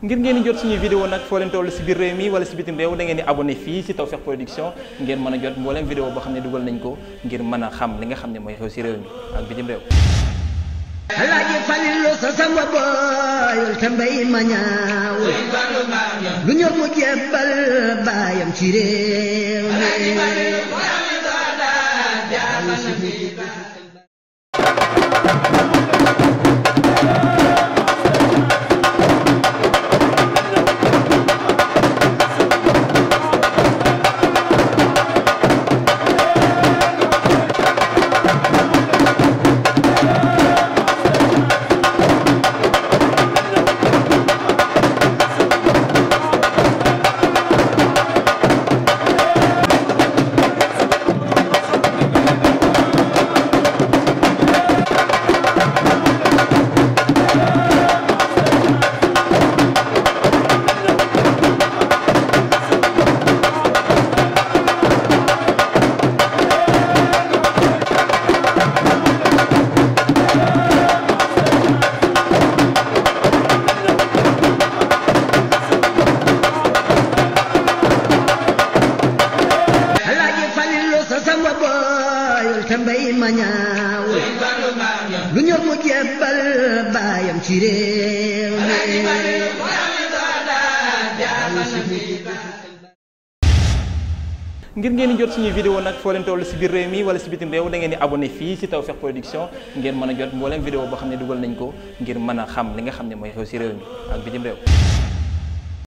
ngir ngeen jot suñu vidéo nag foo leen si biir réew mi wala si bitim réew da ngeen di abonné fii si Tawfekh Production ngeen mën a jot mbooleem vidéo boo xam ne dugal nañ ko ngir mën a xam li nga xam ne mooy xew si réew mi ak bitim réew alaaji lu ñëw mu jébbal baayam ci réew mi yebal te mbay ma ñaaw lu ñor mu ngir ngeen jot suñuy vidéo nag foo leen toll si biir réew mi wala si bitim réew da ngeen di abonné fii si Tawfekh Production ngeen mën a jot mbooleem vidéo boo xam ne dugal nañ ko ngir mën a xam li nga xam ne mooy xew si réew mi ak bitim réew